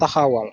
taxawal